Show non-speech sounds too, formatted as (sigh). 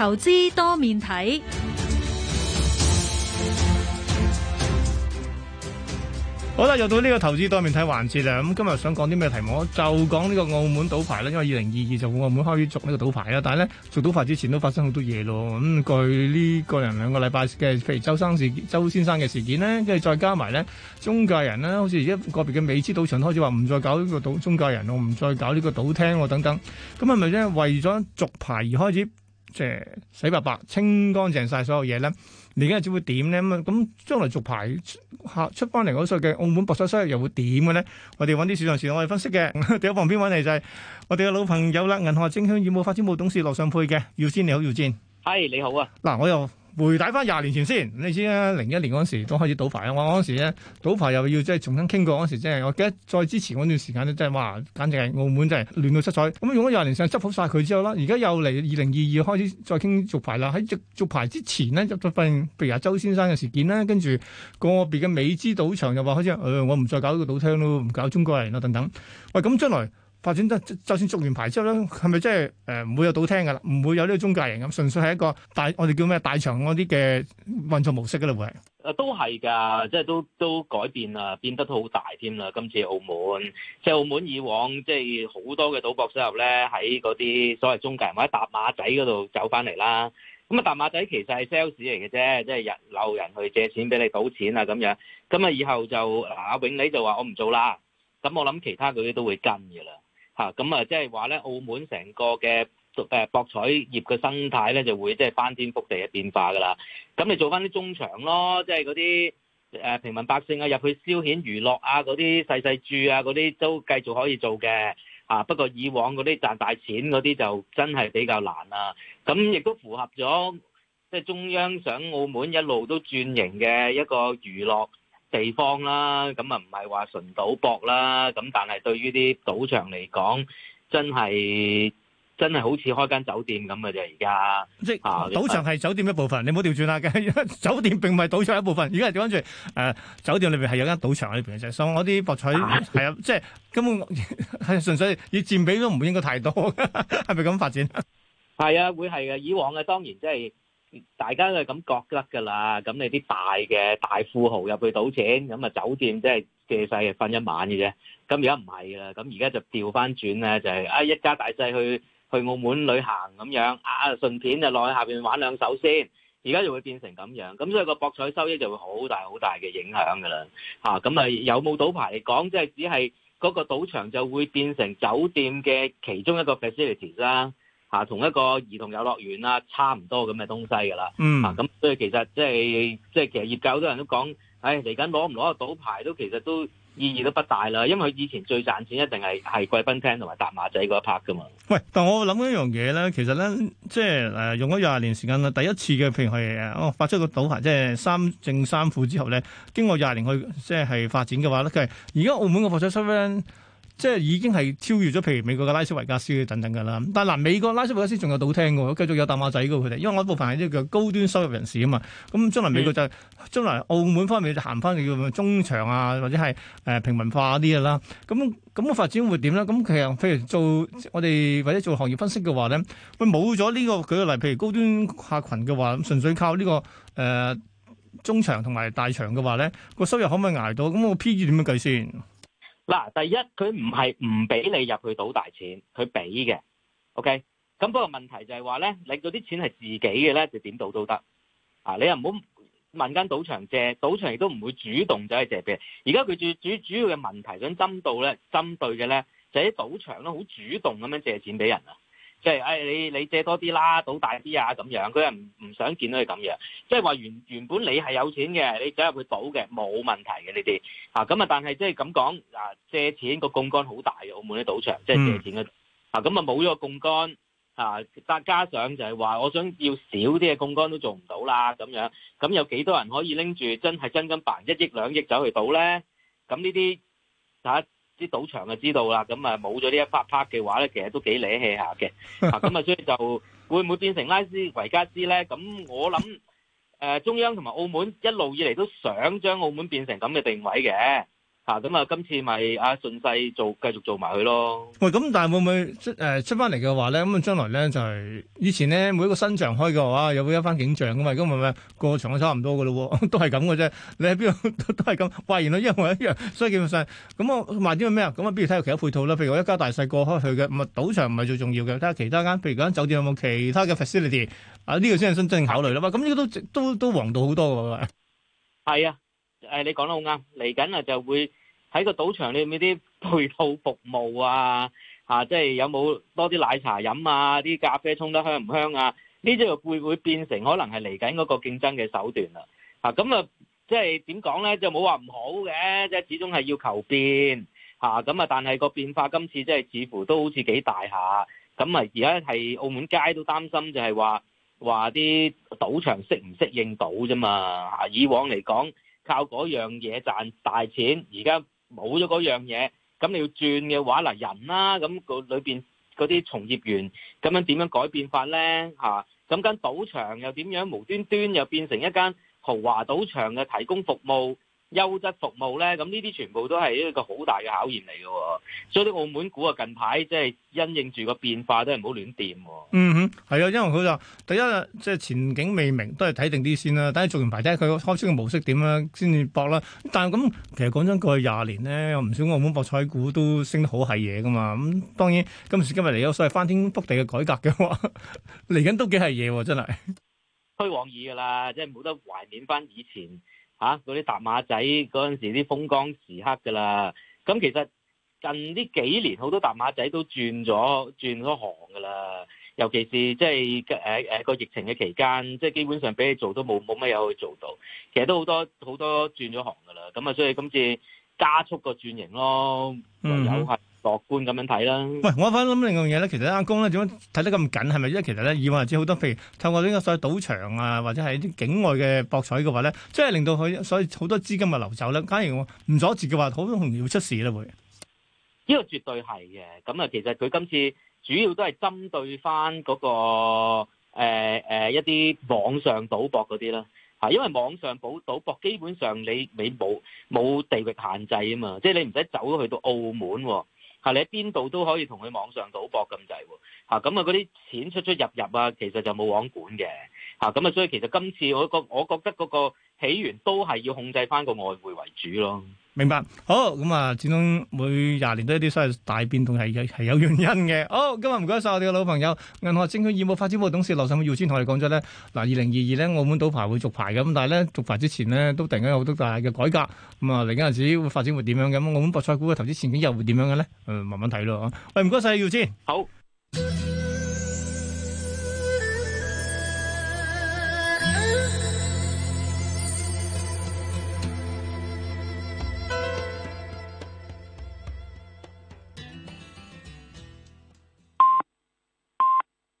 投資多面睇，好啦，又到呢個投資多面睇環節啦。咁今日想講啲咩題目？就講呢個澳門賭牌啦。因為二零二二就澳門開始續呢個賭牌啦。但係咧做賭牌之前都發生好多嘢咯。咁、嗯，過去呢個人兩個禮拜嘅，譬如周生事周先生嘅事件咧，跟住再加埋咧中介人咧，好似而家個別嘅美資賭場開始話唔再搞呢個賭中介人，我唔再搞呢個賭廳，我等等咁係咪咧？為咗續牌而開始。即係洗白白、清乾淨晒所有嘢咧，而家又只會點咧？咁咁將來續牌出翻嚟嗰時候嘅澳門博彩收入又會點嘅咧？我哋揾啲市場前我哋分析嘅，喺旁邊揾嚟就係我哋嘅老朋友啦，銀河證券業務發展部董事羅尚沛嘅，耀先你好，耀漸，係你好啊，嗱我又。回帶翻廿年前先，你知啦。零一年嗰時都開始賭牌啊！我嗰時咧賭牌又要即係重新傾過嗰時真，即係我記得再之前嗰段時間咧，即係話簡直係澳門真係亂到七彩咁。用咗廿年上執好晒佢之後啦，而家又嚟二零二二開始再傾續牌啦。喺續，續牌之前呢，入咗份，譬如阿周先生嘅事件啦，跟住個別嘅美資賭場又話開始誒、呃，我唔再搞呢個賭廳咯，唔搞中國人啦等等。喂，咁將來。發展得，就算續完牌之後咧，係咪即係誒唔會有賭廳噶啦？唔會有呢個中介人咁，純粹係一個大我哋叫咩大場嗰啲嘅運作模式噶啦，會？誒都係㗎，即係都都改變啦，變得好大添啦！今次澳門，即係澳門以往即係好多嘅賭博收入咧，喺嗰啲所謂中介人或者搭馬仔嗰度走翻嚟啦。咁啊，搭馬仔其實係 sales 嚟嘅啫，即係人溜人去借錢俾你賭錢啊咁樣。咁啊，以後就嗱，阿永利就話我唔做啦。咁我諗其他嗰啲都會跟㗎啦。啊，咁啊，即係話咧，澳門成個嘅誒博彩業嘅生態咧，就會即係翻天覆地嘅變化㗎喇。咁你做返啲中場咯，即係嗰啲誒平民百姓啊，入去消遣娛樂啊，嗰啲細細注啊，嗰啲都繼續可以做嘅。啊，不過以往嗰啲賺大錢嗰啲就真係比較難啦，啊。咁亦都符合咗即係中央想澳門一路都轉型嘅一個娛樂地方啦，咁啊唔係話純賭博啦，咁但係對於啲賭場嚟講，真係真係好似開間酒店咁嘅啫。而家即係、啊、賭場係酒店一部分，你唔好調轉啦。酒店並唔係賭場一部分。而家調翻轉，誒、呃、酒店裏邊係有間賭場喺裏邊嘅，所以我啲博彩係啊，即係根本係純粹要佔比都唔會應該太多，係咪咁發展？係啊，會係嘅、啊。以往嘅當然即係。大家都係咁覺得㗎啦，咁你啲大嘅大富豪入去賭錢，咁啊酒店即係借曬瞓一晚嘅啫。咁而家唔係啦，咁而家就調翻轉咧，就係、是、啊一家大細去去澳門旅行咁樣啊，順便就落去下邊玩兩手先。而家就會變成咁樣，咁所以個博彩收益就會好大好大嘅影響㗎啦。嚇、啊，咁啊有冇賭牌嚟講，即係只係嗰個賭場就會變成酒店嘅其中一個 facilities 啦、啊。嚇、啊，同一個兒童遊樂園啦、啊，差唔多咁嘅東西㗎啦。嗯，啊咁，所以其實即係即係其實業界好多人都講，誒嚟緊攞唔攞個賭牌都其實都意義都不大啦，因為佢以前最賺錢一定係係貴賓廳同埋搭馬仔嗰一拍 a 㗎嘛。喂，但我諗一樣嘢咧，其實咧，即係誒、啊、用咗廿年時間啦，第一次嘅譬如係誒、啊、發出個賭牌，即係三正三副之後咧，經過廿年去即係發展嘅話咧，佢而家澳門嘅博彩收即係已經係超越咗，譬如美國嘅拉斯維加斯等等㗎啦。但係嗱，美國拉斯維加斯仲有賭廳㗎喎，繼續有大馬仔㗎喎，佢哋。因為我一部分係呢個高端收入人士啊嘛。咁將來美國就將來、嗯、澳門方面就行翻去叫中場啊，或者係誒、呃、平民化啲嘅啦。咁咁嘅發展會點咧？咁其實譬如做我哋或者做行業分析嘅話咧，會冇咗呢個舉例，譬如高端客群嘅話，純粹靠呢、呢個誒、呃、中場同埋大場嘅話咧，個收入可唔可以捱到？咁我 P E 點樣計先？嗱，第一佢唔係唔俾你入去賭大錢，佢俾嘅，OK。咁不過問題就係話咧，你嗰啲錢係自己嘅咧，就點賭都得。啊，你又唔好問間賭場借，賭場亦都唔會主動走去借俾。而家佢最主主要嘅問題想針對咧，針對嘅咧就係、是、啲賭場咧，好主動咁樣借錢俾人啊。即係誒你你借多啲啦，賭大啲啊，咁樣，佢又唔唔想見到你咁樣，即係話原原本你係有錢嘅，你走入去賭嘅冇問題嘅，呢啲嚇，咁啊但係即係咁講啊，借錢個槓桿好大嘅，澳門啲賭場即係借錢嘅嚇，咁啊冇咗個槓桿嚇，加加上就係話我想要少啲嘅槓桿都做唔到啦咁樣，咁有幾多人可以拎住真係真金白銀一億兩億走去賭咧？咁呢啲嚇？啲賭場就知道啦，咁啊冇咗呢一 PART PART 嘅話咧，其實都幾瀨氣下嘅，咁 (laughs) 啊所以就會唔會變成拉斯維加斯咧？咁我諗，誒、呃、中央同埋澳門一路以嚟都想將澳門變成咁嘅定位嘅。啊，咁啊，今次咪啊，順勢做繼續做埋佢咯。喂，咁但係會唔會出誒出翻嚟嘅話咧？咁啊，將來咧就係以前咧，每一個新場開嘅話，有會一番景象嘅嘛。咁咪咪個場都差唔多嘅咯喎，都係咁嘅啫。你喺邊度都係咁，喂，原來因為，一樣一樣，所以基本上咁我賣啲咩啊？咁啊，不如睇下其他配套啦。譬如我一家大細過開去嘅，咁啊，賭場唔係最重要嘅，睇下其他間，譬如嗰間酒店有冇其他嘅 facility 啊？呢個先係真正考慮啦嘛。咁呢個都都都旺到好多嘅。係啊。誒，你講得好啱，嚟緊啊，就會喺個賭場裏面啲配套服務啊，嚇，即係有冇多啲奶茶飲啊，啲咖啡沖得香唔香啊？呢啲會唔會變成可能係嚟緊嗰個競爭嘅手段啊。嚇，咁啊，即係點講咧？就冇話唔好嘅，即係始終係要求變嚇。咁啊，但係個變化今次即係似乎都好似幾大下。咁啊，而家係澳門街都擔心，就係話話啲賭場適唔適應到啫嘛？嚇，以往嚟講。靠嗰樣嘢賺大錢，而家冇咗嗰樣嘢，咁你要轉嘅話，嗱人啦、啊，咁個裏邊嗰啲從業員咁樣點樣改變法咧嚇？咁、啊、間賭場又點樣無端端又變成一間豪華賭場嘅提供服務？優質服務咧，咁呢啲全部都係一個好大嘅考驗嚟嘅，所以啲澳門股啊，近排即係因應住個變化都，都係唔好亂掂。嗯哼，係啊，因為佢就第一即係前景未明，都係睇定啲先啦。等佢做完牌，睇下佢開出嘅模式點啦，先至博啦。但係咁，其實講真過去廿年咧，唔少澳門博彩股都升得好係嘢噶嘛。咁當然今時今日嚟咗，所謂翻天覆地嘅改革嘅話，嚟 (laughs) 緊都幾係嘢真係。虛往矣噶啦，即係冇得懷念翻以前。吓！嗰啲疊碼仔嗰陣時啲風光時刻㗎啦，咁其實近呢幾年好多疊碼仔都轉咗轉咗行㗎啦，尤其是即係誒誒個疫情嘅期間，即係基本上俾你做都冇冇乜嘢去做到，其實都好多好多轉咗行㗎啦，咁啊所以今次加速個轉型咯，有係、mm。Hmm. 樂觀咁樣睇啦。喂，我翻諗另一樣嘢咧，其實阿公咧，點樣睇得咁緊？係咪因為其實咧，以往或者好多譬如透過啲所謂賭場啊，或者係啲境外嘅博彩嘅話咧，即係令到佢所以好多資金咪流走咧？假如唔阻住嘅話，好容易會出事咧，會。呢個絕對係嘅。咁啊，其實佢今次主要都係針對翻嗰個誒誒一啲網上賭博嗰啲啦。嚇，因為網上賭賭博基本上你你冇冇地域限制啊嘛，即係你唔使走咗去到澳門啊。嚇！你喺邊度都可以同佢網上賭博咁滯喎，嚇！咁啊嗰啲錢出出入入啊，其實就冇網管嘅，嚇！咁啊，所以其實今次我覺我覺得嗰、嗰個。起源都係要控制翻個外匯為主咯，明白。好咁啊，始終每廿年都一啲所謂大變動係係有原因嘅。好，今日唔該晒我哋嘅老朋友，銀河證券業務發展部董事羅尚沛先同我哋講咗咧。嗱，二零二二咧，澳門賭牌會續牌嘅，咁但係咧續牌之前呢，都突然間有好多大嘅改革。咁、嗯、啊，嚟緊日子會發展會點樣？咁澳門博彩股嘅投資前景又會點樣嘅咧？誒、嗯，慢慢睇咯。喂、啊，唔該晒沛先。好。